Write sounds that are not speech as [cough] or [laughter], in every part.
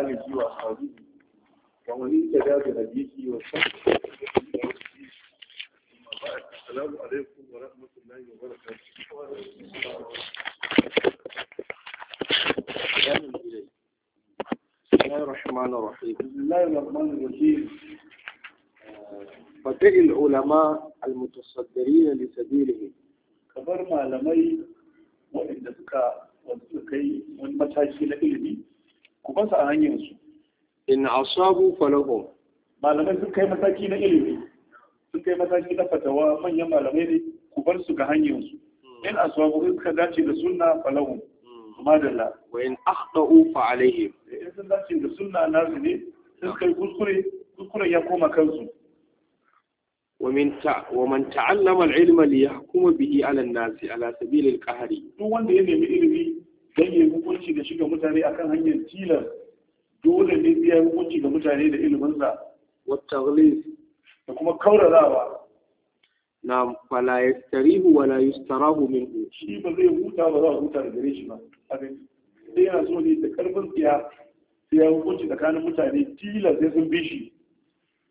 آله وأصحابه ومن اهتدى بهديه وسلم السلام عليكم ورحمة الله وبركاته بسم الله الرحمن الرحيم بسم الله الرحمن الرحيم فتئ العلماء المتصدرين لسبيله كبر ما لمي وإن ذكى وإن ذكى وإن متاشي لإلمي ku basu a hanyar su in asabu falahum malamai sun kai mataki na ilimi sun kai mataki na fatawa manyan malamai ne ku bar su ga hanyar su hmm. in asabu in ka dace da sunna falahum hmm. madalla wa in akhda'u fa alaihim eh, in sun dace da sunna nasu ne sun kai kuskure kuskure ya koma kansu ومن تع... ومن تعلم العلم ليحكم به على الناس على سبيل القهر wanda ya nemi ilimi don yi hukunci da shiga mutane akan hanyar tilas dole ne biya hukunci ga mutane da iliminsa wattaghlis da kuma kaurarawa na fala yastarihu wala tarahu min shi ba zai huta ba za a huta da gare shi ba sai yana so ne da karfin tsiya sai ya hukunci tsakanin mutane tilas sai sun bi shi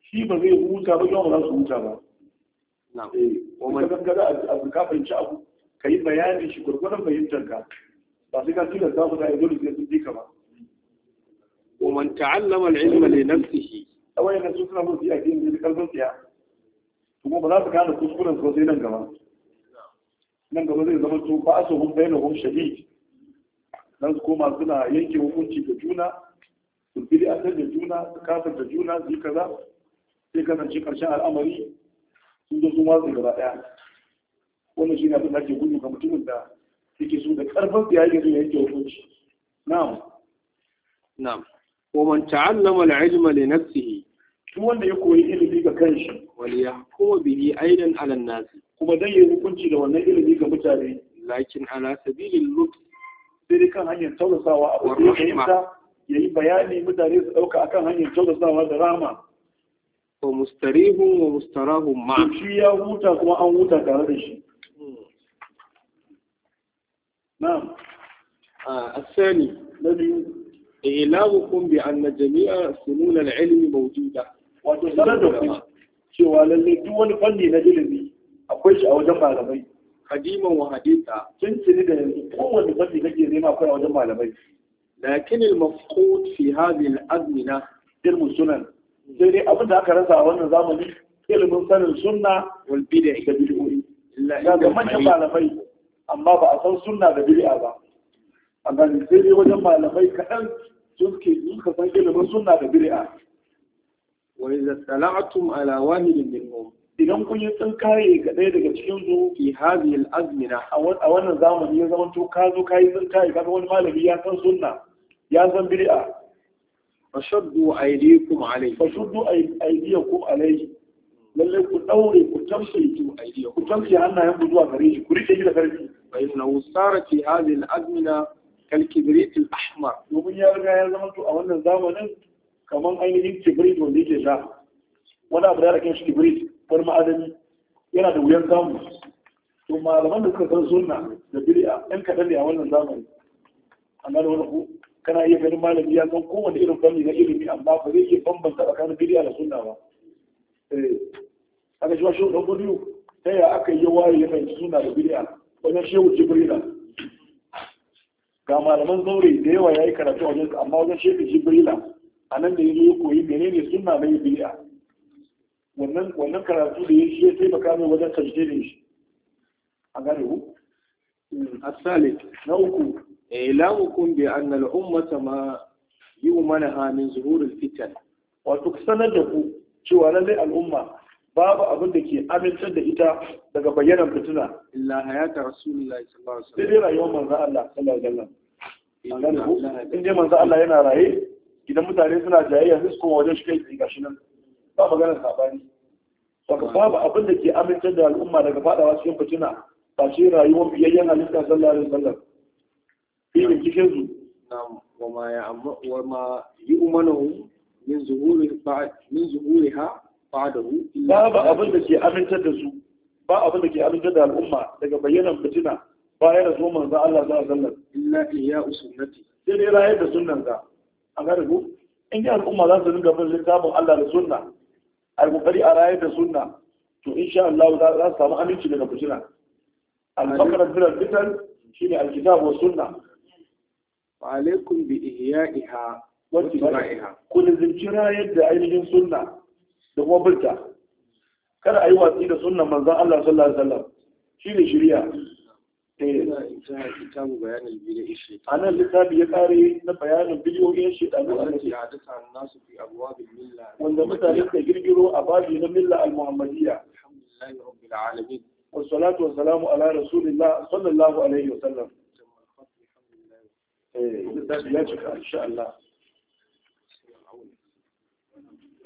shi ba zai huta ba yawan ba za su huta ba na'am eh kuma kaga a ka fahimci abu yi bayani shi gurgurdan fahimtar ka ba sai ka tilas za ku da yanzu da sun ji ka ba wa man ta'allama al-ilma li nafsihi awai na suna mun yi addini da kalbin tsiya kuma ba za su gane kuskuren su sai nan gaba nan gaba zai zama to ba su hun bayyana hun su koma suna yanke hukunci da juna su bi da da juna su kafar da juna su yi kaza sai kasance karshen al'amari sun zo sun watsa gaba daya wannan da ake gudu ga mutumin da suke su da karfin da yake so yake hukunci na'am na'am wa man ta'allama al-ilma li nafsihi duk wanda ya koyi ilimi ga kanshi wali ya kuma bihi aidan ala nasi kuma dan yi hukunci da wannan ilimi ga mutane lakin ala sabilin lut sai kan hanyar tausasawa a wurin ya yi bayani mutane su dauka akan hanyar tausasawa da rama wa mustarihun wa mustarahun ma shi ya huta kuma an huta tare da shi na'am a asani na biyu ilamukum bi anna jami'a sunun al-ilmi wato sanar da ku cewa lalle duk wani fanni na ilimi akwai shi a wajen malamai hadiman wa hadita tun da yanzu kowanne fanni kake nema akwai a wajen malamai lakin al-mafqud fi azmina sunan sai aka rasa a wannan zamani wal da amma ba a san suna da biri'a ba a gani sai dai wajen malamai kaɗan sun ke suka san ilimin suna da biri'a. wa idza sala'tum ala wahidin minhum idan kun yi tsinkaye ga ɗaya daga cikin su fi hadhihi al-azmina a wannan zamani ya zama to ka zo ka yi kare ga wani malami ya san sunna ya san bid'a fashaddu aydiyakum alayhi fashaddu aydiyakum alayhi lallai ku daure ku tamsaye ku aidiya ku tamsaye hannayen ku zuwa gare shi ku rike shi da karfi fa inna usara fi hadhihi al-azmina kal kibrit al-ahmar domin ya riga ya zama to a wannan zamanin kamar ainihin kibrit wanda yake sha wani abu da rakin shi kibrit wani ma'adani yana da wuyan samu to malaman da suka san sunna da bid'a ɗan kaɗan ne a wannan zamani amma da wani ku kana iya ganin malami ya san kowane irin fanni na ilimi amma ba zai iya bambanta tsakanin bid'a da sunna ba Eh, aka shi wa shehu ɗan gudu ta yaya aka yi waye ya fahimci suna da bidiya wajen shehu jibrila ga malaman zaure da yawa ya yi karatu a wajen amma wajen shehu jibrila a nan da ya zo ya koyi ne suna mai yi wannan karatu da ya shi ya taimaka mai wajen tajdidin shi a gane ku hmm, na uku. الثالث نوكو إعلامكم بأن الأمة ما يؤمنها من ظهور sanar da ku. cewa lallai al'umma babu abin da ke amintar da ita daga bayyanar fitina illa hayata rasulullahi sallallahu alaihi wasallam sai rayuwar manzo Allah sallallahu alaihi wasallam in dai manzo Allah yana raye idan mutane suna jayayya sai su koma wajen shi kai gashi nan ba maganar sabani saka babu abin da ke amintar da al'umma daga fadawa cikin fitina ba shi rayuwar biyayyen halitta sallallahu alaihi wasallam fi binciken su na wa ma ya amma wa ma yi umanahum min zuhuriha ba'dahu babu abin da ke amintar da su ba abin da ke amintar da al'umma daga bayyanan fitina bayan da zuwa manzo Allah za a sallar illa iya usunnati sai dai rayar da sunnan za a ga rubu in ga al'umma za su dinga bin littafin Allah da sunna a kokari a rayar da sunna to insha Allah za su samu aminci daga fitina al-fakra min fitan shine al-kitab wa sunna wa alaikum bi ihya'iha wacce ba ku lizinci rayar da ainihin sunna da kuma bulta kada a yi watsi da sunnan manzan Allah sallallahu alaihi wasallam shi ne shirya eh. a nan littafi ya kare na bayanin biliyoyin shekaru a wanda mutane suka girgiro a babu na milla al-muhammadiyya والصلاة والسلام على رسول الله صلى الله عليه وسلم. إيه. إن شاء الله.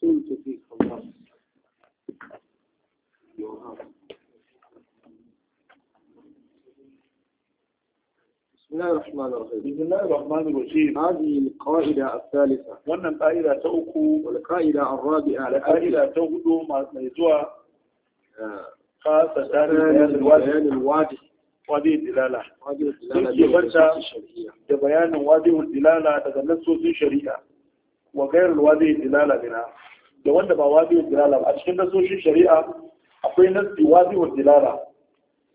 سئلت فيك خلاص بسم الله الرحمن الرحيم بسم الله الرحمن الرحيم هذه القاعدة الثالثة وانا القاعدة تأكو والقاعدة الرابعة القاعدة تأكو ما يزوى آه. خاصة آه. بيان الواجه وادي الدلالة وادي الدلالة بيان وادي الدلالة تدلسوا في شريعة وغير الوادي الدلالة منها da wanda ba wa dilala ba a cikin nasoshin shari'a akwai nasi wa dilala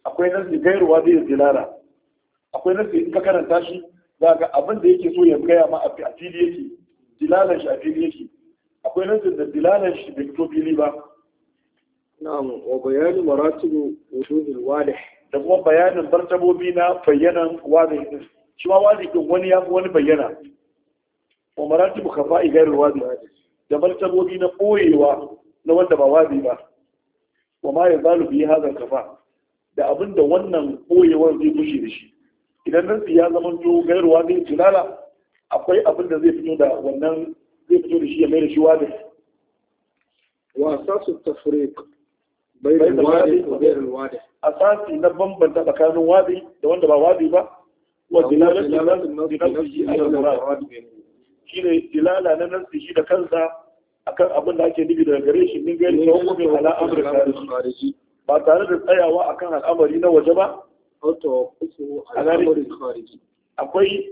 akwai nasi gairu wa dilala akwai nasi in ka karanta shi za ga abin da yake so ya gaya ma a fili yake dilalan shi a fili yake akwai nasi da dilalan shi bai fito fili ba na'am wa bayani maratibu wuduhil wadih da kuma bayanin bartabobi na bayyanan wadih din shi ma wadih din wani ya wani bayyana wa maratibu khafa'i gairu wadih da martabobi na ɓoyewa na wanda ba wabi ba wa ma ya zalu biyi hazar kafa da abin da wannan ɓoyewar zai bushe da shi idan nan ya zama to gairuwa zai tunala akwai abin da zai fito da wannan zai fito da shi ya mai da shi wazi Wasa asasu tafriq bai da bayan a asasi na bambanta tsakanin wabi da wanda ba wabi ba wa dilalatu nafsi ala murad shi ne dilala na nan shi da kansa akan abin da ake nufi daga gare shi min gari da hukumin ala amurka ba tare da tsayawa akan al'amari na waje ba akwai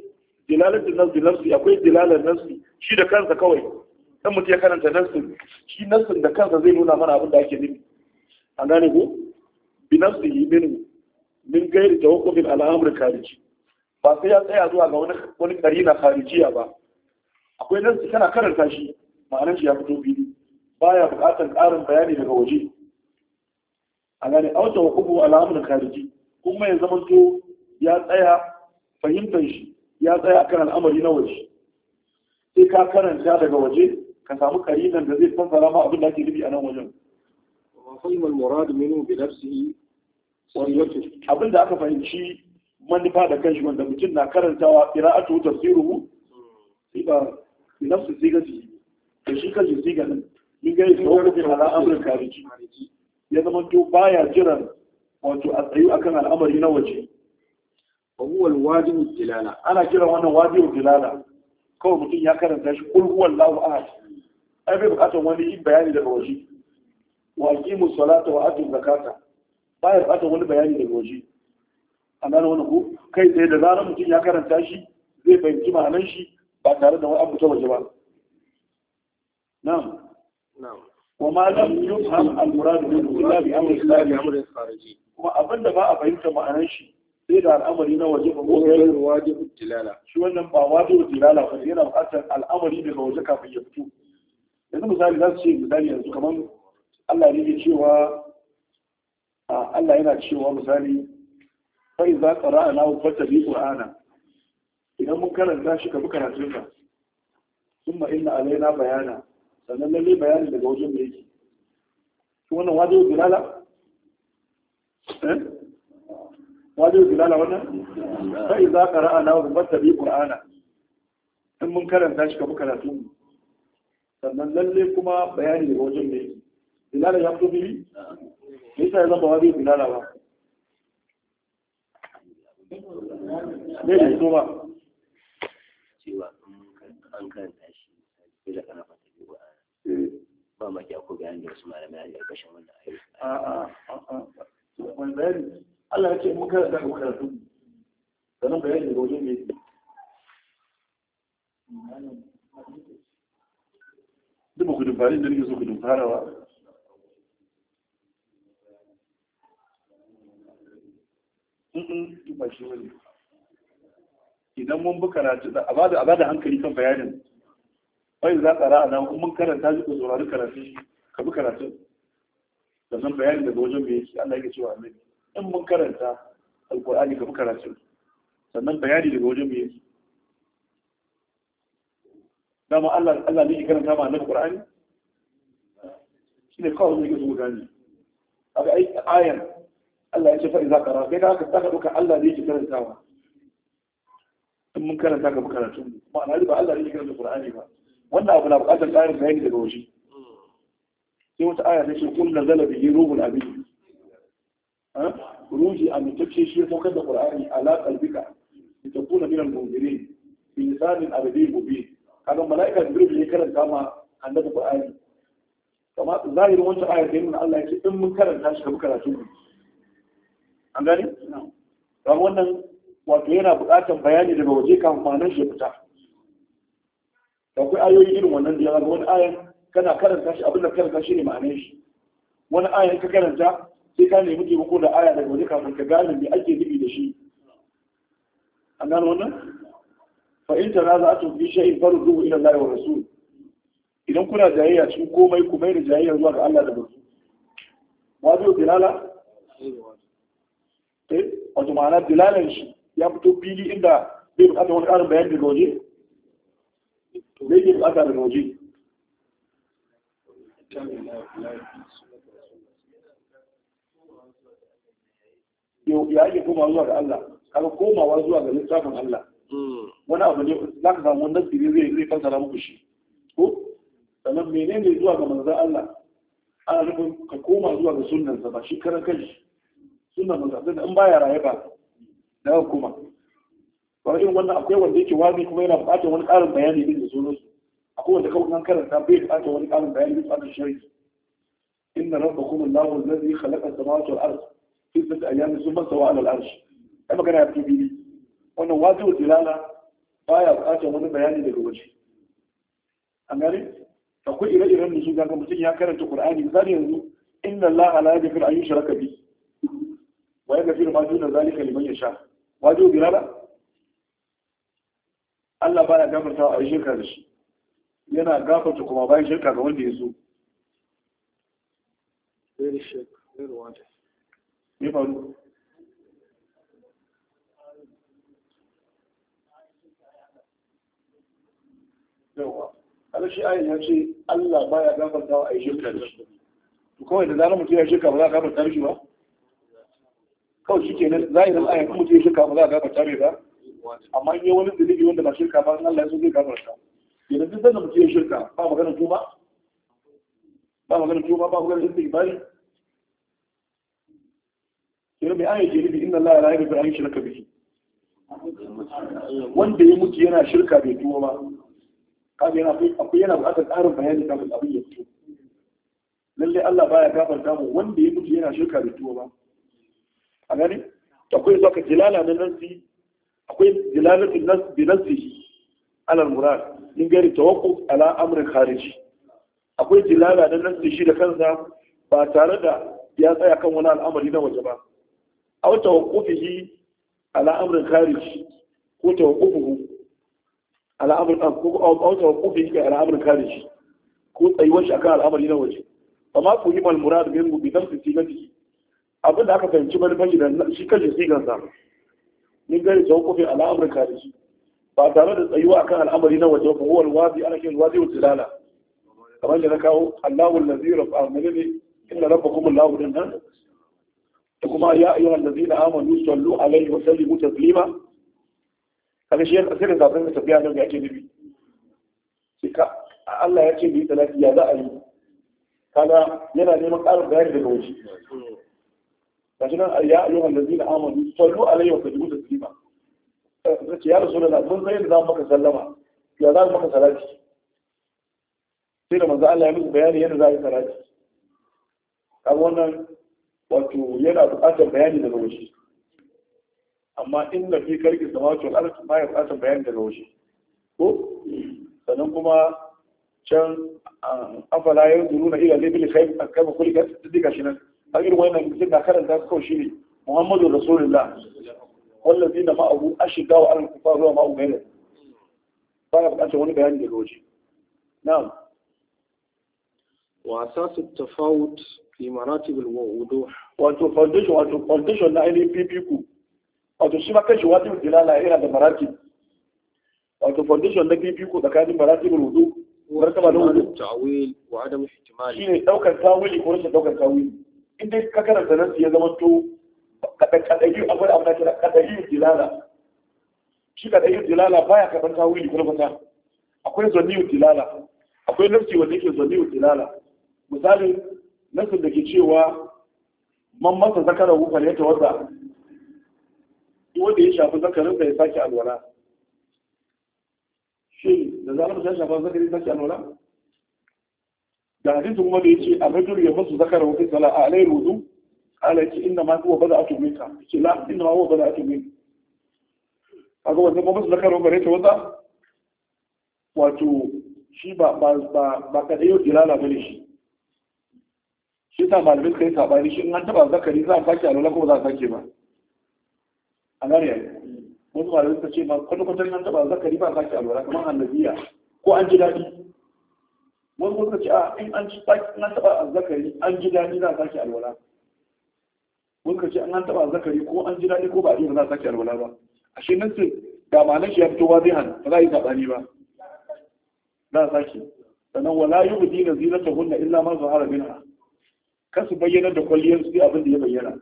dilalatin nasi nasi akwai dilalar nasi shi da kansa kawai dan mutum ya karanta nasin shi nasin da kansa zai nuna mana abin da ake nufi A gane ko bi yi min min da tawakkufin al'amurka da khariji ba sai ya tsaya zuwa ga wani kari na kharijiya ba akwai nan kana karanta shi ma'anar shi ya fito fili ya buƙatar ƙarin bayani daga waje a gane auta wa kubu alamun kariji kuma ya zama to ya tsaya fahimtar shi ya tsaya kan al'amari na waje sai ka karanta daga waje ka samu karinan da zai fassara ma abin da ake nufi a nan wajen fahimar murad minu bi nafsihi sariyatu abin da aka fahimci manufa da kanshi wanda mutum na karantawa qira'atu tafsiruhu sai ba bi nafsi sigati da shi kan ziga nan min ga yake hukumin al'amuran kariji ya zama to baya jiran wato a tsayu akan al'amari na waje wa huwa al-wajibu dilala ana kiran wannan wajibu dilala kawai mutum ya karanta shi kul huwa Allahu ahad ai bai bukatar wani yin bayani daga waje wa aqimu salata wa atu zakata bai bukatar wani bayani daga waje an gane wani ku kai sai da zarar mutum ya karanta shi zai fahimci ma'anar shi ba tare da wani abu ta waje ba Nan na'am na'am وما لم يفهم المراد منه الا بامر خارجي kuma abinda ba a fahimta ma'anar shi sai da al'amari na waje ba ko sai wajibu tilala shi wannan ba wajibu tilala ba yana buƙatar al'amari daga waje kafin ya fito yanzu misali za su ce misali yanzu kamar Allah ne ke cewa Allah yana cewa misali fa idza qara'na fa tabi qur'ana idan mun karanta shi ka bi karatunsa sun ma inna alaina bayana sannan lalle bayani daga wajen da yake shi wannan wajen bilala eh? wajen bilala wannan sai za ka ra'a na rubar tabi qur'ana in mun karanta shi ka bi karatu sannan lalle kuma bayani daga wajen da yake bilala ya fito bibi me sa ya zama wajen bilala ba ne da ba cewa an karanta shi sai da eh. ba ma bayani da wasu malamai a ƙarshen wannan a'a wani bayani Allah ya ce mun karanta ko karatu sanan bayani daga wajen ne duk ba ku dumfari da nake so ku dumfarawa Mm-mm, ba idan mun bi karatu da a bada hankali kan bayanin wai za tsara a nan mun karanta shi ko saurari karatu ka bi karatu da san bayani daga wajen me yake Allah yake cewa annabi in mun karanta alqur'ani ka bi karatu sannan bayani daga wajen me yake dama Allah Allah ne ke karanta ma annabi qur'ani shine kawai ne ke zuwa gani aga ai ayan Allah ya ce fa iza qara kai ka ka dauka Allah ne karanta karantawa in mun karanta ka karatu kuma alhali ba Allah ne ya karanta Qur'ani ba wannan abu na buƙatar ƙarin bayani daga waje sai wata aya ta ce kun nazala bihi ruhul amin ruhi amintacce shi ya saukar da Qur'ani ala qalbika litakuna min al-munzirin bi lisanin arabiy mubin kaga malaika jibril ne karanta ma annabi Qur'ani kama zahirin wancan aya da nuna Allah ya ce in mun karanta shi ka karatu an gane? Ga wannan wato yana buƙatar bayani daga waje kan ma'anar shi fita akwai ayoyi irin wannan da ya zama wani ayan kana karanta shi abinda karanta shi ne ma'anar shi wani ayan ka karanta sai ka nemi taimako da aya daga waje kafin ka gane me ake nufi da shi an gano wannan fa in tanaza'atu fi shay'in farudduhu ila Allah wa rasul idan kuna jayayya cikin komai kuma yin da jayayya zuwa ga Allah da rasul wazo dilala eh wato ma'ana dilalan shi ya fito fili inda zai bukata wani ƙarin bayani daga waje to zai yi bukata daga waje ya ake komawa zuwa ga Allah kaga komawa zuwa ga littafin Allah hmm. wani abu ne za ka samu wannan tsiri zai zai fassara muku shi ko sannan menene zuwa ga manzon Allah ana nufin ka koma zuwa ga sunnansa ba shi karan Sunan sunnan manzon in baya raye ba na kuma kamar irin wannan akwai wanda yake wani kuma yana bukatar wani ƙarin bayani din da sauran su akwai wanda kawai an karanta bai bukatar wani ƙarin bayani din tsarin shari'a inna rabbakum allahu allazi khalaqa as-samawati wal ardh fi sittati ayyamin thumma stawa 'ala al-'arsh ai magana ya fito bibi wannan wajibu tilala baya bukatar wani bayani daga waje an gane akwai ire-iren da su ga mutum ya karanta qur'ani misali yanzu inna allaha la yaghfiru an yushraka bihi wa yaghfiru ma duna zalika liman yasha' wajibu bi rana Allah baya gafarta a shirka da shi yana gafarta kuma bayan shirka ga wanda ya zo غير الشك faru? واضح يفعلوا هذا شيء ce Allah ba ya gafarta a shirka da shi. kawai da zarar mutum ya shirka ba za a gafarta shi ba kawai shi kenan zahirin ayan kuma ce shirka ba za a gafarta mai ba amma in yi wani zunubi wanda ba shirka ba in Allah ya so zai gafarta yanzu duk sanda mutum ya shirka ba magana tuba ba magana tuba ba magana ibari? yanzu mai ayan jeribi inna Allah la da an yushraka bihi wanda ya mutu yana shirka bai tuwo ba kaga yana akwai yana buƙatar ƙarin bayani kafin abin ya fito Lallai Allah baya gafarta mu wanda ya mutu yana shirka bai tuwo ba gani akwai zaka jilala na nasi akwai jilala bi nasi ala murad min gari tawakkuf ala amrin khariji akwai jilala na nasi shi da kansa ba tare da ya tsaya kan wani al'amari na waje ba aw tawaqqufihi ala amrin khariji ko tawaqqufuhu ala amrin ah, ko aw tawaqqufihi ala amrin khariji ko tsayuwar shi akan al'amari na waje amma ku yi mal murad min bi nasi sinati abin da aka fahimci bari shi da shi kashe sigansa min gari ta hukufi ala amurka da shi ba tare da tsayuwa akan al'amari na waje ba huwar wazi ana kiran wazi wa tilala kamar da na kawo allahu allazi ne, menene inna kuma allahu din nan da kuma ya na ladina amanu sallu alaihi wa sallimu taslima kaga shi sai da zafin da tafiya nan da ake nufi shi ka Allah ya ce bi talati ya za a yi kaga yana neman ƙarin bayani daga waje kashi nan ya da lazi na amanu sallu alaihi wa sallimu taslima eh, zace ya rasu da na mun sai da za maka sallama ya za maka salati sai da Maza Allah ya musu bayani yadda za a yi salati kaga wannan wato yana buƙatar bayani daga waje amma in da fi karki samawati wal ardi ma ya buƙatar bayani daga waje ko sannan kuma can ah, afala yanzuruna ila libil khayr akama kulli gas diga shi nan أجل وين يمكننا خلال ذلك وشيري محمد رسول الله والذين ما أبو أشداء على الكفار وما أبو مهلا فأيب أنت وني بهاني للوجه نعم وأساس التفاوت في مراتب الوضوح وأنتو فردش وأنتو فردش وأنتو فردش وأنتو سيما كيش واتب الدلالة إيه هذا مراتب وأنتو فردش وأنتو فردش وأنتو فردش مراتب الوضوح وعدم الوضوح التعويل وعدم احتمال شيني دوكا التعويل يكون رسل دوكا التعويل in dai ka karanta nan ya zama to kadaiyu abin da amurka kira kadaiyu dilala shi kadaiyu dilala baya karban wuri kuma fata akwai zanniyu dilala akwai nafsi wanda yake zanniyu dilala misali nafsin da ke cewa man masa zakarar wufar ya tawadda wanda ya shafi zakarin da ya sake alwala shi da zalar da ya shafi zakarin sake alwala da hadisin wanda ya ce a rajul ya masu zakara wa fisala a alai rudu ala ce inda ma kuwa bada atu minka ce la inda ma kuwa bada atu minka kaga kuma masu zakara wa ta wata wato shi ba ba ba ba kadai yau jirala bane shi shi ta malamin kai sabani shi in an taba zakari za a sake alola kuma za a sake ba a nan yanzu wasu malamin ta ce ma kwata in an taba zakari ba a sake alola kamar annabiya ko an ji daɗi wani kuma ce a in an taba zakari an ji daɗi za a sake alwala wani ka ce an an taba zakari ko an ji daɗi ko ba a ji za a sake alwala ba a shi nan ce da ma nan shi ya fito wa zai hana ba za a yi saɓani ba za a sake sannan wala yi budi na ta hunna illa ma harabin minha Ka su bayyana da kwalliyar su abin da ya bayyana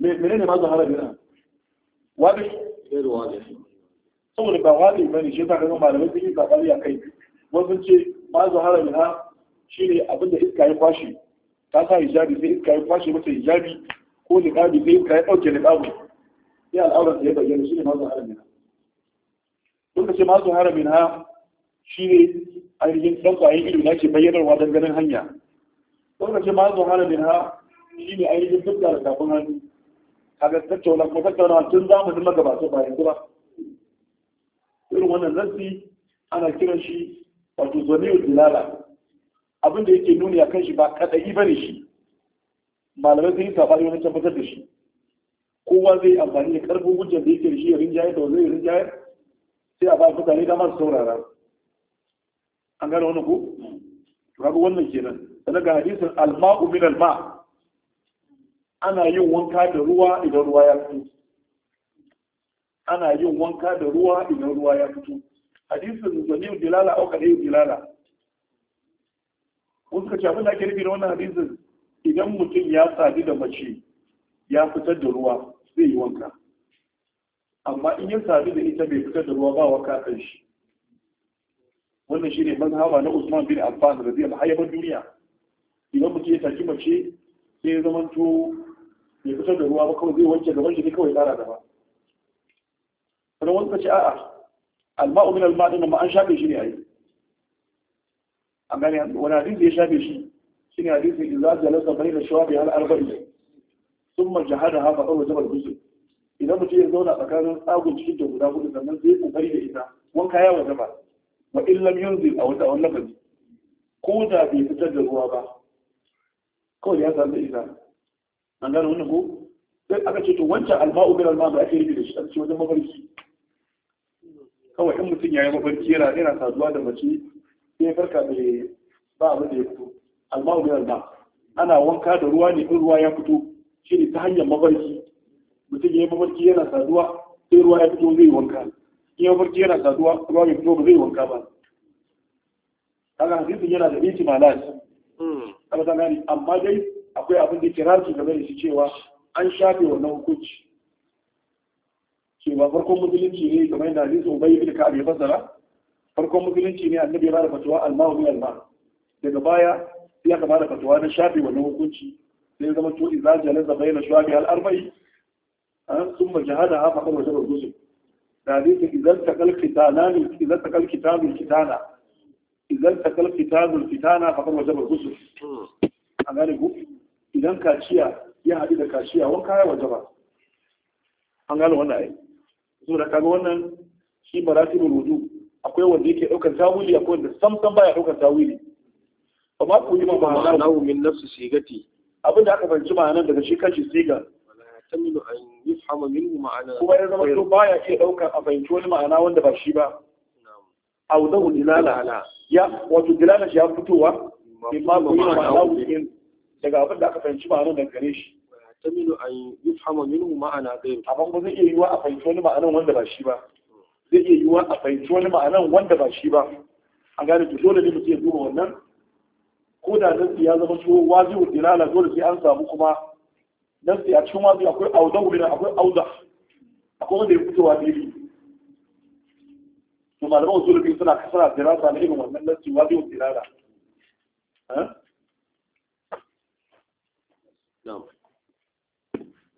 menene ma zuwa harabin ha wadi saboda ba ba bane shi ta kaga malamai sun yi sabani a kai wasu ce ma zahara minha shine abinda iska ya kwashe ta sa hijabi sai iska ya kwashe mata hijabi ko niqabi sai iska ya dauke niqabi sai al'auran ya bayyana ne ma zahara minha kun ce ma zahara minha shine ainihin dan kwayan ido na ke bayyanarwa don ganin hanya kun ce ma zahara minha shine ainihin fuska da tafin hannu kaga tattauna ko tattauna tun zamanin magabata bayan ba irin wannan nasi ana kiran shi wato zamiyar dilala abin da yake nuni kan shi ba ba ne shi malamai sun yi sabani wani tabbatar da shi kowa zai yi amfani da karfin hujjar da yake da shi ya jayar da wani ya jayar sai a ba su mutane damar saurara an gane wani ku rabu wannan kenan sannan ga hadisin alma'u min alma ana yin wanka da ruwa idan ruwa ya fito ana yin wanka da ruwa idan ruwa ya fito hadisin zaniyu dilala au kadai dilala kun suka ce abin ake nufi da wannan hadisin idan mutum ya sadu da mace ya fitar da ruwa zai yi wanka amma in ya sadu da ita bai fitar da ruwa ba wanka kan shi wannan shine mazhaba na Usman bin Affan radiyallahu anhu a duniya idan mutum ya taki mace sai ya zama to bai fitar da ruwa ba kawai zai wanke gaban shi ne kawai tsara da ba. Sannan wani ce a'a alma'u min alma din ma an shafe shi ne a yi. an gane wani hadisi ya shafe shi shine hadisi idza jalasa bayna shawabi al arba'i thumma jahadaha fa qawwa jabal ghusl idan mutum ya zauna tsakanin tsagon cikin da guda hudu sannan zai kokari da ita wanka ya wata ba. in lam yunzil a wata wannan bane ko da bai fitar da ruwa ba kawai ya samu ita an gane wannan ko sai aka ce to wancan alma'u min alma da ake da shi a cikin wajen mafarki kawai in mutum ya yi mafarki yana yana saduwa da mace sai farka bai ba abu da ya fito almahu min alma ana wanka da ruwa ne in ruwa ya fito shi ne ta hanyar mafarki mutum ya yi mafarki yana saduwa sai ruwa ya fito zai wanka in ya mafarki yana saduwa ruwa ya fito ba zai wanka ba kaga hadisin yana da iti malas hmm. gani amma dai akwai abin da kirarci game da shi cewa an shafe wannan hukunci cewa farkon musulunci ne kamar yadda hadisi ubay ibn ka'ab ya fassara farkon musulunci ne annabi ya bada fatuwa almahu min alma daga baya sai aka bada fatuwa na shafi wannan hukunci sai zama to idza jalaza bayna shafi al arba'i an ah, thumma jahada ha faqad wajaba al-ghusl da hadisi idza taqal khitanani idza taqal kitabul kitana idza taqal kitabul kitana faqad wajaba al-ghusl A gane ku idan kaciya ya haɗu da kaciya wanka ya wajaba an gane wannan ai saboda kaga wannan shi maratibul wudu akwai wanda yake daukar tawili akwai wanda sam sam baya daukar tawili amma ku yi ma ma'anahu min nafsi sigati abin da aka fahimci ma'anar daga shi kan shi siga tamilu an yufhama minhu ma'ana kuma ya zama to baya iya daukar a fahimci wani ma'ana wanda ba shi ba au dahu dilala ya wato dilala shi ya fitowa mimma ku yi ma'anahu daga abin da aka fahimci ma'anar daga gare shi yahtamilu an yufhama minhu ma'ana ghayr amma zai iya yiwa a fahimci wani ma'anan wanda ba shi ba zai iya yiwa a fahimci wani ma'anan wanda ba shi ba a gane to dole ne mutum ya wannan ko da nasi ya zama so wajibu dilala dole sai an samu kuma nasi a cikin wajibu akwai auda akwai auda akwai wanda ya fitowa fili to malaman usul biyu suna kasara dirasa na irin wannan nasi wajibu dilala eh? No.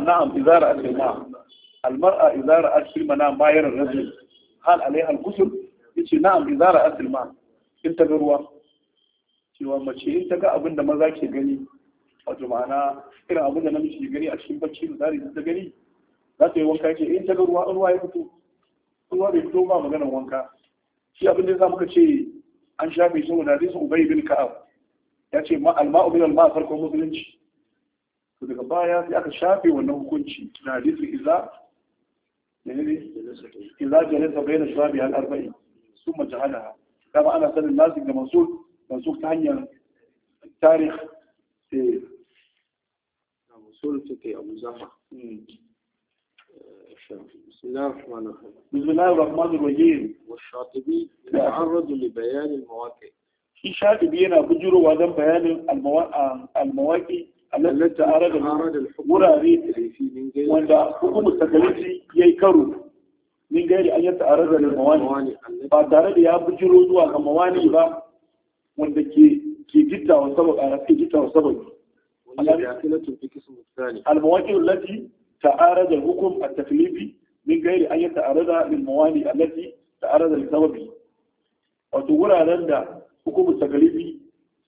نعم إذا رأت الماء المرأة إذا رأت في المنام ما يرى الرجل هل عليها الغسل؟ يقول نعم إذا رأت الماء أنت بالروح cewa mace in ta ga abin maza ke gani wato ma'ana irin abin da namiji ke gani a cikin bacci da tsari ta gani za ta yi wanka ce in ta ga ruwa ruwa ya fito ruwa ba maganar wanka shi abin da muka ce an shafe shi wanda hadisin ubay bin ka'ab ya ce ma alma'u min alma farkon musulunci to daga baya sai aka shafe wannan hukunci na hadisin iza iza jalasa bayna shabi al arba'in summa jahalaha kama ana sanin nasik da masu mansur ta hanyar tarikh sai mansur take abu zama hmm. بسم الله الرحمن الرحيم بسم الله الرحمن الرحيم والشاطبي لبيان المواقع shi shaɗibi yana bujiro dan bayanin almawaki التي أراد wurare wanda hukumar takalici ya yi karo min gairi an yadda a razarin mawani ba tare da ya bujiro zuwa ga mawani ba wanda ke jitta wa sabab a تعارض الحكم التكليفي من غير أن يتعارض للمواني التي تعارض لسببه وتقول أن حكم التكليفي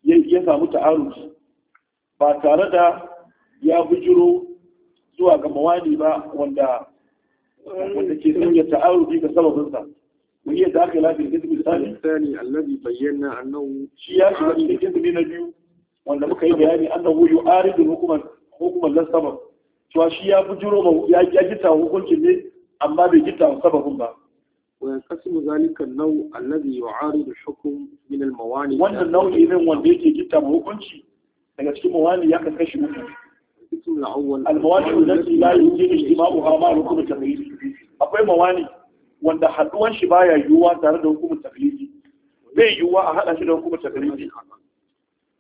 يسام تعارض فتعارض يا بجرو zuwa mawani ba wanda ke sanya ta'arudi ga sababinsa wani yadda aka lafi da kisbi tsari tsari allazi shi ya shiga cikin kisbi na biyu wanda muka yi bayani annahu yu'aridu hukuman hukuman lan sabab cewa shi ya fi bujuro ya gita hukuncin ne amma bai gita sababin ba وينقسم ذلك النوع الذي يعارض الحكم من الموانع وان النوع من وان يجي جدا hukunci daga cikin mawani ya kaskashi mutu ism al-awwal al-mawani allati la yujib ijtima'uha ma hukum taqlid akwai mawani wanda haduwan shi baya yuwa tare da hukumar taqlidi bai yuwa a hada shi da hukumar taqlidi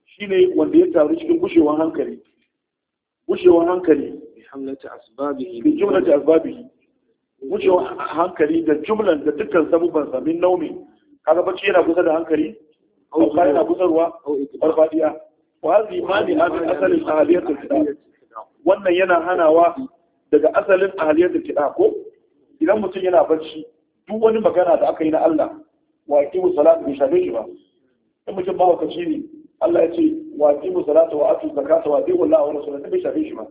shine wanda ya taru cikin gushewar hankali gushewar hankali hamlati asbabihi bi jumlati asbabihi wucewa hankali da jumlan da dukkan sabubban sa min naumi kaga bacci yana kusa da hankali ko yana kusarwa farfadiya wa hadhi mani min asalin ahliyatul kitab wannan yana hanawa daga asalin ahliyatul kitab ko idan mutum yana bacci duk wani magana da aka yi na Allah wa aqimu salata bi shafi ba in mutum ba wakaci ne Allah ya ce wa aqimu salata wa atu zakata wa atiqu Allah wa rasulahu bi shafi ba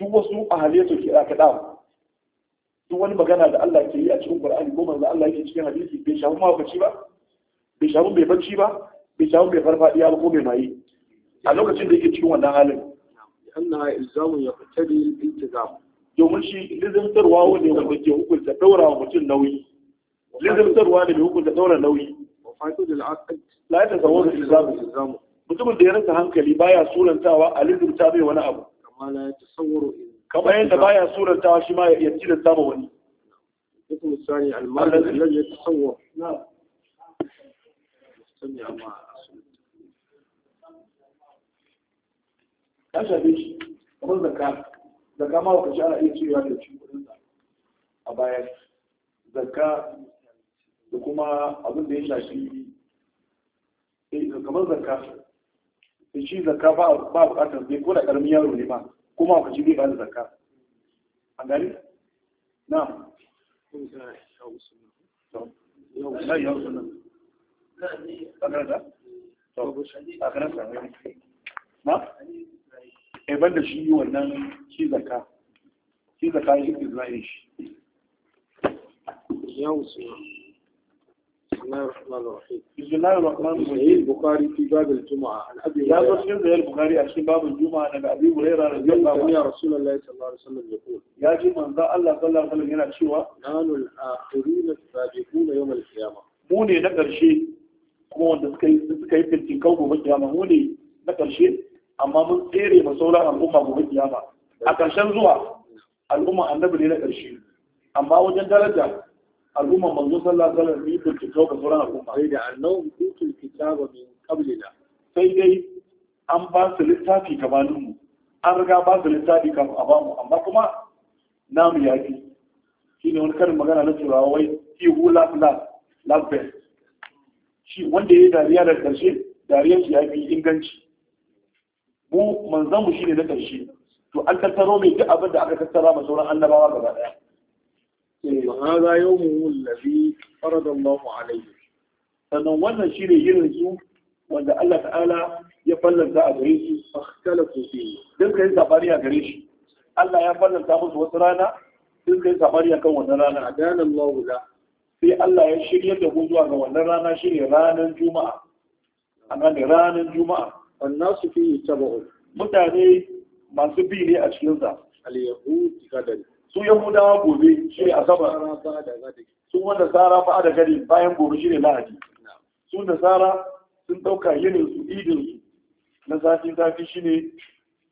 duk wasu ahaliyatul kiɗa duk wani magana da Allah ke yi a cikin Qur'ani ko manzo Allah yake cikin hadisi bai shafi mafaci ba bai shafi bai bacci ba bai shafi bai farfadiya ba ko bai maye a lokacin da yake cikin wannan halin anna ilzamu yaqtadi al-iltizam domin shi lizantarwa wanda wanda ke hukunta daura wa mutum nauyi lizantarwa ne mai hukunta daura nauyi la ta zawo da ilzamu mutumin da ya rasa hankali baya surantawa a lizanta bai wani abu kamar yadda baya suranta shi ma ya tilasta ma wani الاسم الثاني المال الذي يتصور نعم مستمع مع kashe shi kamar zaka zaka ma waka ana iya cewa da cikin a bayan zaka da kuma abin da ya shafi eh, kamar zaka in shi zakka ba ba bukatar sai ko da karamin yaro ne ba kuma ka ci bai ba da zakka an gani na na ban da shi wannan shi zakka shi zakka shi israeli shi yau su بسم الله الرحمن الرحيم بسم الله الرحمن الرحيم البخاري في باب الجمعة عن أبي هريرة يا رسول الله البخاري أشي باب الجمعة عن أبي هريرة رضي الله عنه يا رسول الله صلى الله عليه وسلم يقول يا جماعة ذا الله صلى الله عليه وسلم هنا شوى نحن الآخرين السابقون يوم القيامة mu ne na ƙarshe kuma wanda suka yi suka yi fintin kau gobe kiyama mu ne na ƙarshe amma mun tsere ma sauran al'umma gobe kiyama a ƙarshen zuwa al'umma annabi ne na ƙarshe amma wajen daraja al'umma manzo sallallahu alaihi wasallam yi bincike ga sauran al'umma sai da annahu utul kitaba min qablina sai dai an ba su littafi gabanin mu an riga ba su littafi kafin a bamu amma kuma namu ya fi shine wani karin magana na turawa wai he who laugh last laugh best shi wanda ya yi dariya da ƙarshe dariyar shi ya fi inganci mu manzanmu shi ne na ƙarshe to an tattaro mai duk abin da aka tattara ma sauran annabawa gaba ɗaya وهذا يومه الذي فرض الله عليه sannan wannan shi ne yirin su wanda Allah ta'ala ya fallanta a gare shi a kala kofi duk kai safari a gare shi Allah ya fallanta musu wata rana duk kai safari a kan wannan rana a danan mawula sai Allah ya shirya da ku zuwa ga wannan rana shi ne ranar juma'a a nan da ranar juma'a wannan su fi taba'u mutane masu bi ne a cikin sa al-yahud kadari su yahudawa gobe shi ne asaba su wanda tsara fa da gari bayan gobe shi ne lahadi su da tsara sun ɗauka yinin su idin su na zafi zafi shi ne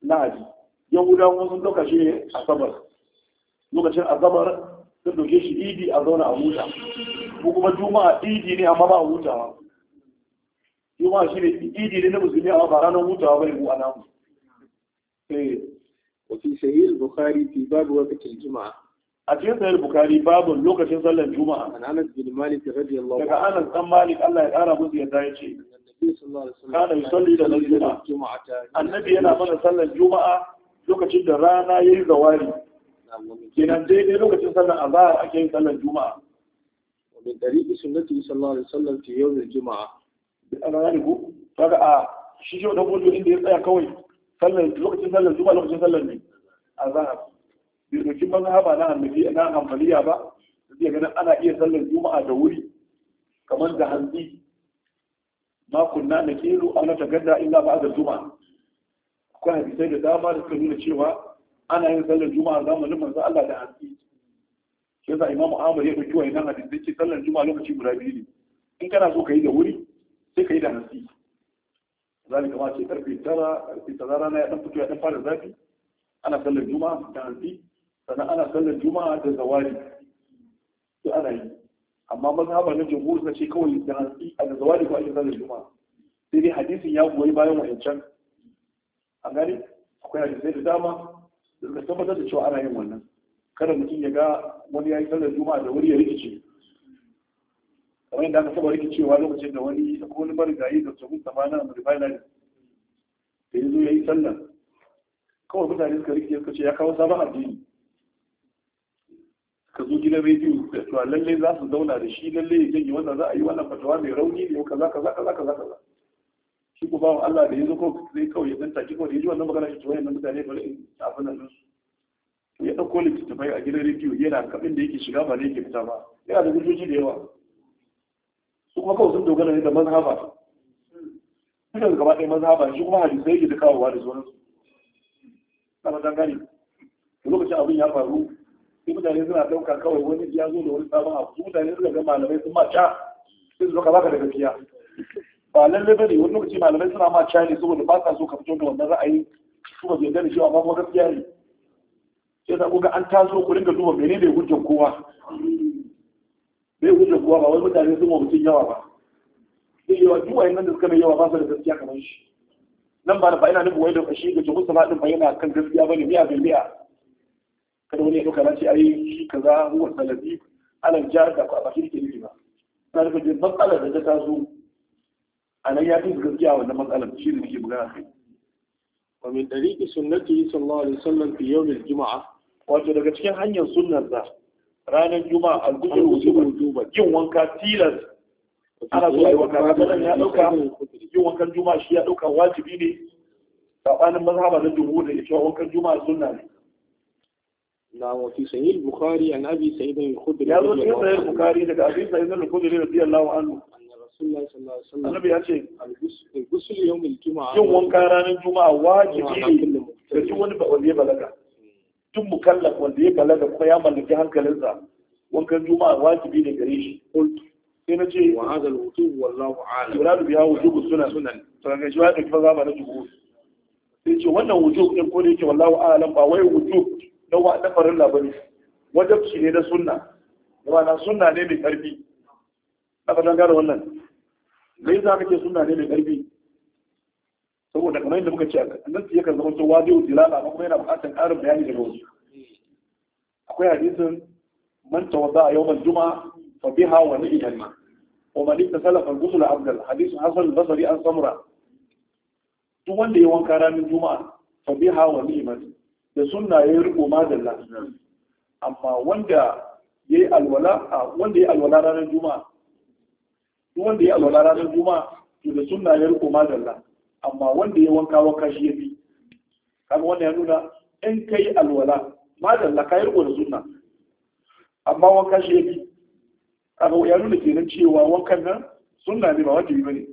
lahadi yahudawa sun ɗauka shi ne asabar lokacin asabar sun dauke shi idi a zauna a huta ko kuma juma'a idi ne amma ba a hutawa juma'a shi ne idi ne na musulmi amma ba ranar hutawa ba ne mu a namu eh. وفي صحيح البخاري في باب وقت الجمعة أتين صحيح البخاري باب لوكة صلى الجمعة عن أنس بن مالك رضي الله عنه أنس بن مالك الله يقرأ بذي يدايشي كان يصلي إلى الجمعة النبي أنا من صلى الجمعة لوكة رانا يزواري kenan daidai lokacin sallar azhar ake yin sallar juma'a wa min tariqi sunnati sallallahu alaihi wasallam fi yawm al-jum'a ana gani ko kaga a shi yau da gojo inda ya tsaya kawai lokacin sallar juma'a lokacin sallar ne a zahar bai ɗauki mazhaba na hanbali na hanbaliya ba ga ganin ana iya sallar juma'a da wuri kamar da hanzi ma kunna na kero ana tagadda illa ba da juma'a akwai hadisai da dama da suka nuna cewa ana yin sallar juma'a zamanin manzo Allah da hanzi sai yasa imamu Ahmad ya ɗauki wayannan hadisai ce sallar juma'a lokaci guda biyu ne in kana so ka yi da wuri sai ka yi da hanzi zalika ma ce karfe tara karfe tara rana ya dan fito ya fara zafi ana sallar juma'a da hanzi sannan ana sallar juma'a da zawali to ana yi amma mazhaba na jumhur na ce kawai da hanzi a da zawali ko ake sallar juma'a sai dai hadisin ya goyi bayan wayancan an gani akwai hadisai da dama da suka tabbatar da cewa ana yin wannan kada mutum ya ga wani ya yi juma'a da wuri ya rikice kamar yadda aka saba rikicewa lokacin da wani ko wani marigayi da tsohon samana a maribainari da ya zo ya yi sallah kawai mutane suka rike suka ce ya kawo sabon addini ka zo gidan rediyo da tuwa lallai za su zauna da shi lallai ya janye wannan za a yi wannan fatawa mai rauni ne kaza kaza kaza kaza kaza shi ko bawa Allah da ya zo kawai zai kawai ya dan ki kawai ya ji wannan magana shi tuwa wayannan mutane bari in abin nan su ya ɗauko littattafai a gidan rediyo yana kabin da yake shiga ba ne ke fita ba yana da gujoji da yawa kuma kawai sun dogara ne da mazhaba suka gaba ɗaya mazhaba shi kuma hadisai yake da kawowa da su sama dan gani lokacin abin ya faru sai mutane suna ɗauka kawai wani ya zo da wani sabon abu su mutane suka ga malamai sun maca sai su ka baka da gaskiya ba lalle bane wani lokaci malamai suna maca ne saboda ba sa so ka fito da wannan ra'ayi su ba zai yarda cewa ba kuma gaskiya ne sai ta ga an taso ku dinga duba menene hujjar kowa bai wuce kuwa ba wai mutane sun wa mutum yawa ba sai yawa yin nan da suka mai yawa ba su da gaskiya kamar shi nan ba da fa'ina nufin wani da ga jihun sama din yana kan gaskiya ba ne miya bai miya kada wani ya dauka na ce ai shi kaza huwa salafi alal jihar, da ba shi ke nufi ba na da jin matsalar da ta taso a nan ya fi gaskiya wannan matsalar shi ne muke magana kai ومن طريق سنته صلى الله عليه وسلم في يوم الجمعة daga cikin hanyar sunnar da ranar juma'a algusul wujuba yin wanka tilas ana zuwa yi wanka kaga ya dauka yin wankan juma'a shi ya dauka wajibi ne sabanin mazhaba na dubu da cewa wankan juma'a sunna ne na wa fi bukari al-bukhari an da sa'id al-khudri ya zo cikin sahih al-bukhari daga abi sa'id al-khudri radiyallahu anhu annabi ya ce al-ghusl yawm al yin wanka ranar juma'a wajibi ne da duk wani wanda ya balaga duk mukallaf wanda ya da kuma ya mallaki hankalinsa wankan juma'a wajibi ne gare shi sai na ce wa hadal wudu wallahu a'lam yuradu biha wujubu sunan sunan to kan shi wani fa zama na jugo sai ce wannan wujub din ko ne yake wallahu a'lam ba wai wujub na wa da farin labari shi ne na sunna ba na sunna ne mai karfi na fatan gane wannan me yasa kake sunna ne mai karfi saboda kamar yadda muka ce nan yakan zama to wa dilala amma kuma yana buƙatar ƙarin bayani daga wasu akwai hadisin man tawadda yawmal juma'a fa biha wa ni'ma ومن اتصل فالغسل عبد الحديث حسن البصري an سمرة duk wanda ya wanka ranar juma'a fa biha wa ni'mat da sunna ya riko madalla amma wanda yayi alwala wanda yayi alwala ranar juma'a duk wanda yayi alwala ranar juma'a to da sunna ya riko madalla amma wanda ya wanka wanka shi ya fi kaga wannan ya nuna in ka yi alwala ma ka yi riko da sunna amma wanka shi ya fi kaga ya nuna kenan cewa wankan nan sunna ne ba wajibi ba ne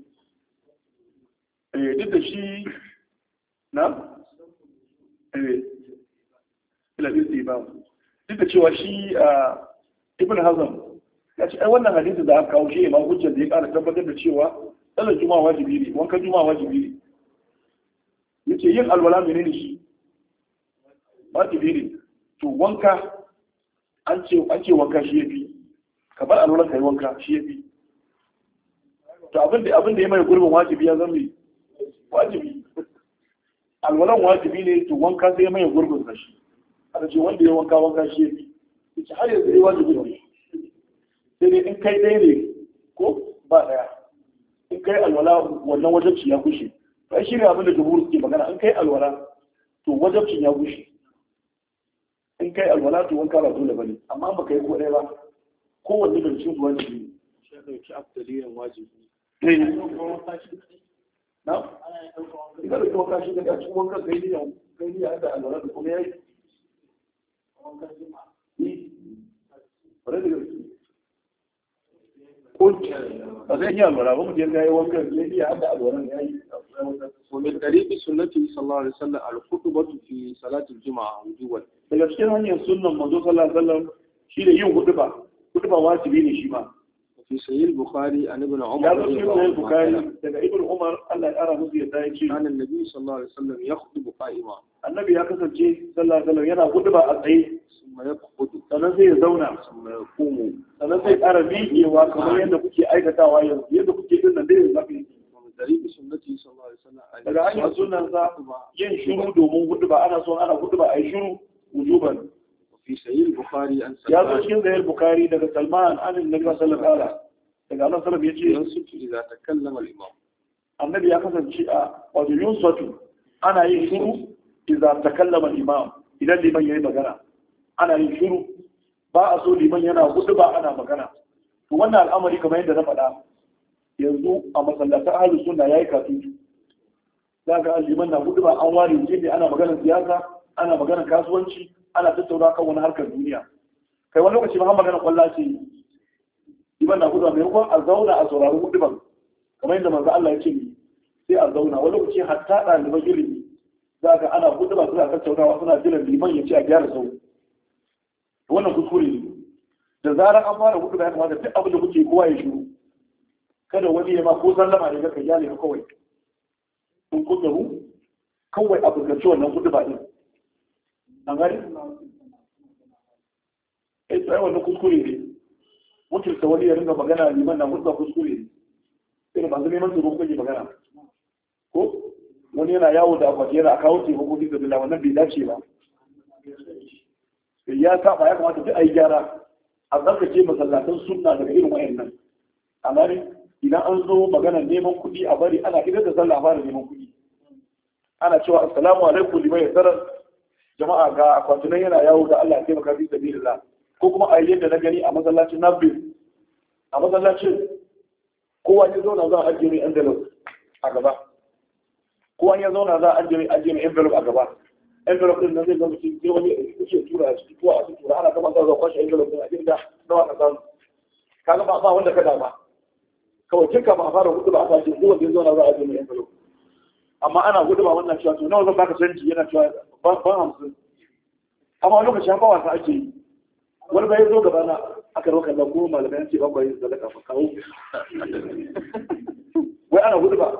eh, duk da shi na eh, ilabirti ba duk da cewa shi ibn hazm ya ce ai wannan hadisi da aka kawo shi ma hujjar da ya kara tabbatar da cewa sallar juma'a wajibi ne wankan juma wajibi ne yace yin alwala ne shi wajibi ne to wanka an ce an ce wanka shi yafi ka bar alwala kai wanka shi yafi to abin da abin da ya mai gurbin wajibi ya zama wajibi alwalan wajibi ne to wanka sai mai gurbin sa shi a ce wanda ya wanka wanka shi yafi yace har yanzu dai wajibi ne sai dai in kai dai ne ko ba daya in kai alwala wannan wajabci ya gushe kai shi ne abin da jumhur ke magana in kai alwala to wajabcin ya gushe in kai alwala to wanka ba dole bane amma baka yi kodai ba ko kowanne da cikin ruwan jini shi dauki abdaliyan wajibi eh na idan ka wanka shi daga cikin wanka kai ne kai ne da alwala da kuma yayi wanka jima'a ni bare da gaske ba zai iya alwala ba mu je ga yawan kan zai iya hada alwalan yayi wa min tariqi sunnati sallallahu alaihi wasallam al-khutbatu fi salati al-jum'a wujuban daga cikin hanyar sunnan manzo sallallahu alaihi wasallam da yin hutuba hutuba wajibi ne shi ma في صحيح البخاري عن ابن عمر البخاري daga ibn Umar Allah ya ara musu yadda yake an annabi sallallahu alaihi wasallam yakhutubu qa'ima annabi ya kasance sallallahu alaihi wasallam yana khutba a tsaye sannan sai zauna sannan sai ƙara miƙewa kamar yadda kuke aikatawa yanzu yadda kuke din nan dai yanzu haka sunnati sallallahu alaihi wasallam daga hanyar sunnan za yin shiru domin khutba ana so ana khutba ai shiru wujuban fi sahih bukhari an ya zo cikin sahih bukhari daga salman an annabi sallallahu alaihi wasallam daga annabi sallallahu alaihi wasallam yace yansu idza takallama al-imam annabi ya kasance a wato yunsatu ana yin shiru idza takallama al-imam idan liman yayi magana ana yin shiru ba a so liman yana hudu ba ana magana to wannan al'amari kamar yadda na faɗa yanzu a masallatan ahlus sunna yayi katutu za ka liman na hudu ba an ware ne ana maganar siyasa ana maganar kasuwanci ana tattauna kan wani harkar duniya kai wani lokaci ba magana kwalla ce iban na hudu mai kwan a zauna a saurari huduban kamar yadda manzo Allah ya ce sai a zauna wani lokaci hatta ɗaliban ilimi za ka ana huduba suna tattaunawa suna jiran liman ya ce a gyara sau wannan kuskure ne da zarar an fara hudu ya kamata duk abin da kuke kowa ya shiru kada wani ya ma ko sallama ne ga kai ya ne kawai in kun kawai a fuskanci wannan hudu ba din an gani yi eh, tsaye wannan kuskure ne mutunta wani ya ringa magana liman na mutunta kuskure ne irin masu neman tsoro kuka ke magana ko wani yana yawo da akwati yana kawo taimako ko dinga bila wannan bai dace ba eh, ya saba ya kamata duk a yi gyara a tsarkake masallatan sunna daga irin wayannan a gani idan an zo magana neman kuɗi a bari ana idan da sallah fara neman kuɗi ana cewa assalamu alaikum liman yasarar jama'a ga akwatunan yana yawo da Allah ya taimaka fi da ko kuma a yadda na gani a masallacin Nabi a masallacin kowa ya zauna za a ajiye mai envelope a gaba kowa ya zauna za a ajiye mai ajiye mai envelope a gaba envelope din nan zai cikin mutum ne wani ya tura a ciki ko a cikin tura ana kama sa zuwa kwashe envelope din a jirga nawa na samu kaga ba ba wanda ka dama kawai kinka ba a fara hudu ba a tashi kowa ya zauna za a ajiye mai envelope amma ana gudu ba wannan cewa to nawa zan baka canji yana cewa ban hamsin amma wani lokaci ba wasa ake yi wani bayan zo gaba na aka roka da kuma malamai yanci ban bayan da kafa kawo [laughs] wai ana gudu ba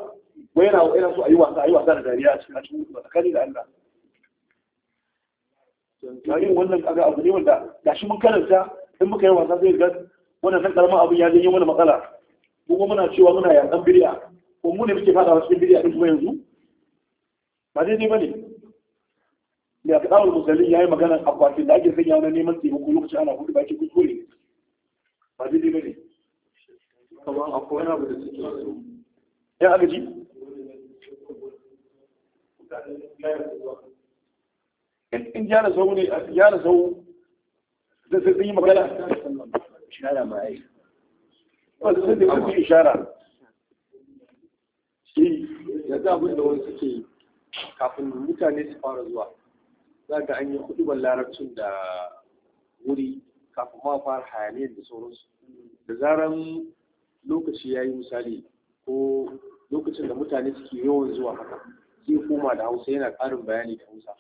wai yana yana so a yi wasa ayi wasa da dariya a cikin cikin ba tsakani da Allah yayin wannan kaga abu ne wanda gashi mun karanta in muka yi wasa zai ga wannan san karamin abu ya janyo mana matsala kuma muna cewa muna yakan birya ko mu ne muke fada cikin birya din kuma yanzu ba dai dai bane da aka tsawon musulun ya yi maganar akwatin da ake sanya na neman taimako lokacin ana hudu baki kuskure ba dai dai bane kamar akwai wani abu da suke yi yan agaji in ya da sau ne ya da sau da sun yi magana shara ma ya yi wasu sun da wasu ishara shi ya abin da wani suke yi kafin mutane su fara zuwa za ga an yi hudubar larabcin da wuri kafin ma fara hayaniyar da sauransu da zaran lokaci ya yi misali ko lokacin da mutane suke yawan zuwa haka sai koma da hausa yana ƙarin bayani da hausa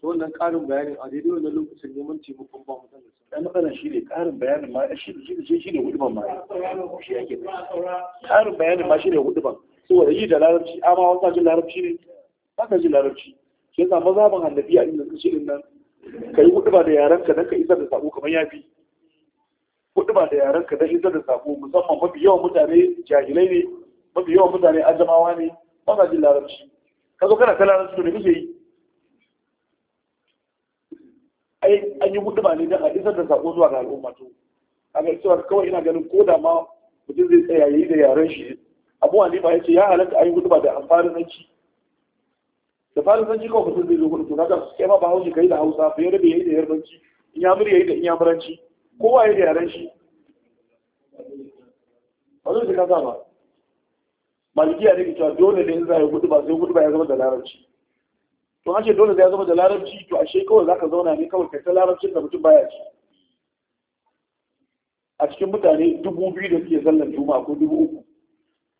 to wannan ƙarin bayanin a daidai wannan lokacin neman taimakon ba mutum da sun matsalar shi ne ƙarin bayanin ma shi ne shi ne hudubar ma shi yake ƙarin bayanin ma shi ne hudubar saboda yi da larabci amma wata jin larabci ne haka ka ji larabci shi yasa mazhaban a inda suka ce nan ka yi hudu ba da yaran ka dan ka isar da sako kamar yafi hudu ba da yaran ka dan isar da sako musamman mafi yawan mutane jahilai ne mafi yawan mutane ajamawa ne ba ka ji larabci ka zo kana ta larabci to ne kake yi ai an yi hudu ba ne dan a isar da sako zuwa ga al'umma to kaga cewa kawai ina ganin ko da ma mutum zai tsaya yayi da yaran shi abuwa ne ba ya ce ya halatta a yi hudu ba da amfanin hanci da farisanci kawai mutum zai zo kudu to kaga kai ma ba haushi kai da hausa fiye da yayi da yarbanci in ya muri yayi da inyamuranci, ko muranci kowa yayi da yaran shi ba zai ka sa ba malikiya ne ke cewa dole ne in za a ba sai gudu ba ya zama da larabci to an ce dole da ya zama da larabci to ashe kawai za ka zauna ne kawai kai ta larabcin da mutum baya ci a cikin mutane dubu biyu da suke sallan juma'a ko dubu uku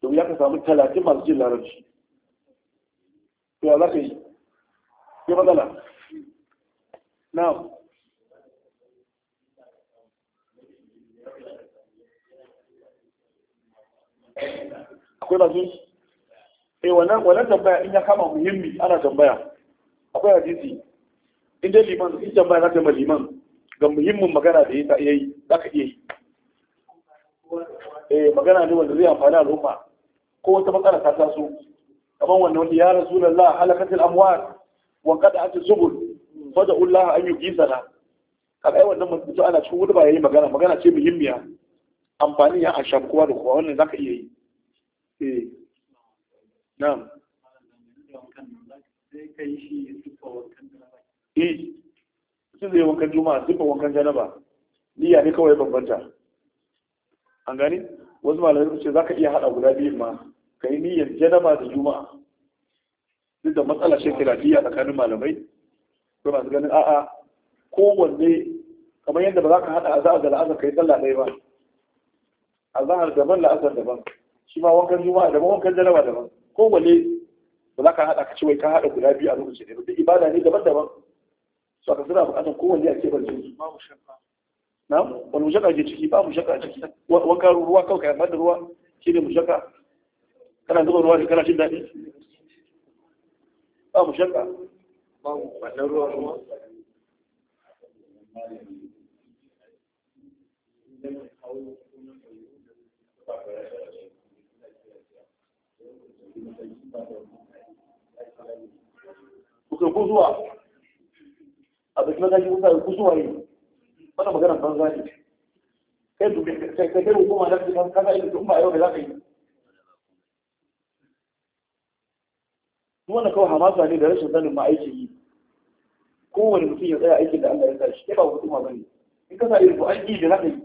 to ya ka samu talatin masu jin larabci to ya za ka yi ya matsala na akwai masu eh wannan wannan tambaya in ya kama muhimmi ana tambaya akwai a in inda liman in tambaya na ka liman ga muhimmin magana da ya yi za ka iya yi eh, magana ne wanda zai amfani al'umma ko wata matsala ta taso kaman wannan wanda ya rasulullah halakatul amwat wa qad at zubul fad'u Allah an yujizana kaga wannan mutum ana cikin wuta ba yayi magana magana ce muhimmiya amfani ya ashab kowa da kowa wannan zaka iya yi eh na'am sai kai shi suka wankan janaba eh mutum zai wankan juma'a suka wankan janaba niyya ne kawai bambanta an gani wasu malamai sun ce zaka iya hada guda biyun ma ka yi niyyar janaba da juma'a duk da matsala shi kilafiya tsakanin malamai ko masu ganin a'a kowanne kamar yadda ba za ka haɗa azahar da la'asar ka yi sallah ɗaya ba azahar daban la'asar daban shi ma wankan juma'a daban wankan janaba daban kowanne ba za ka haɗa ka ci wai ka haɗa guda biyu a lokaci ɗaya duk ibada ne daban-daban so ka suna buƙatar kowanne a keɓar jini na wani mushaka ke ciki ba mushaka a ciki wankan ruwa kawai ka yamma da ruwa shi ne mushaka kana zuwa ruwa ne kana daɗi ba mu shakka wannan ruwa ruwa kuka guzuwa a bakin mataki kuka guzuwa yi wata magana banza ne kai dubi kai kai na cikin kasa yi ba yau da yi wannan kawai hamasa ne da rashin sanin ma'aikin aikin yi kowane mutum ya tsaya aikin da Allah ya sa shi ba ba bane in ka sa irin an yi da haka yi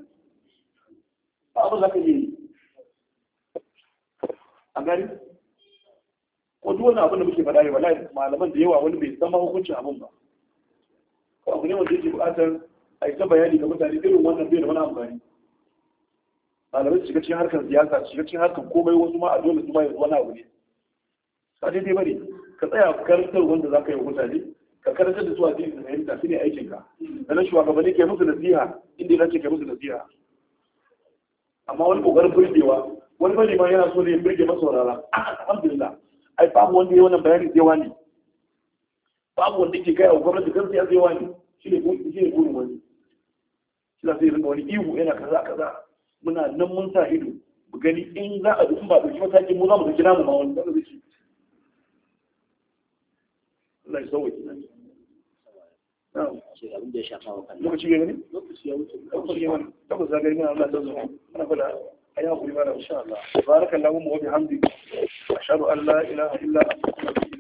ba abin zaka yi a gani ko duk wani abin da muke faɗa ne wallahi malaman da yawa wani bai san ma hukuncin abin ba ko abu ne wanda yake buƙatar a yi ta bayani ga mutane irin wannan bai da wani amfani malamai shiga cikin harkar siyasa shiga cikin harkar komai wasu ma a dole su ma yanzu wani abu ne ba daidai ka tsaya karantar wanda za ka yi mutane ka karantar da su addini da fahimta shine aikin ka sannan shugabanni ke musu nasiha inda ya ce ke musu nasiha amma wani kokarin burgewa wani bane ma yana so ne burge masa warara alhamdulillah ai babu wanda ya wannan bayani zai wani babu wanda ke gaya wa gwamnati kan sai zai wani shi ne burin wani shi na sai yi wani ihu yana kaza kaza muna nan mun sa ido mu gani in za a in ba ɗauki matakin mu za mu ɗauki namu ma wani zaka zai Allah ya sauwaki nan abin da ya shafa wa kallon lokaci gani ne lokaci ya wuce lokaci ya wani tabbas za gari mana Allah ta zama Ana fada ayi hakuri mana insha Allah barakallahu wa bihamdika ashhadu an la ilaha illa Allah.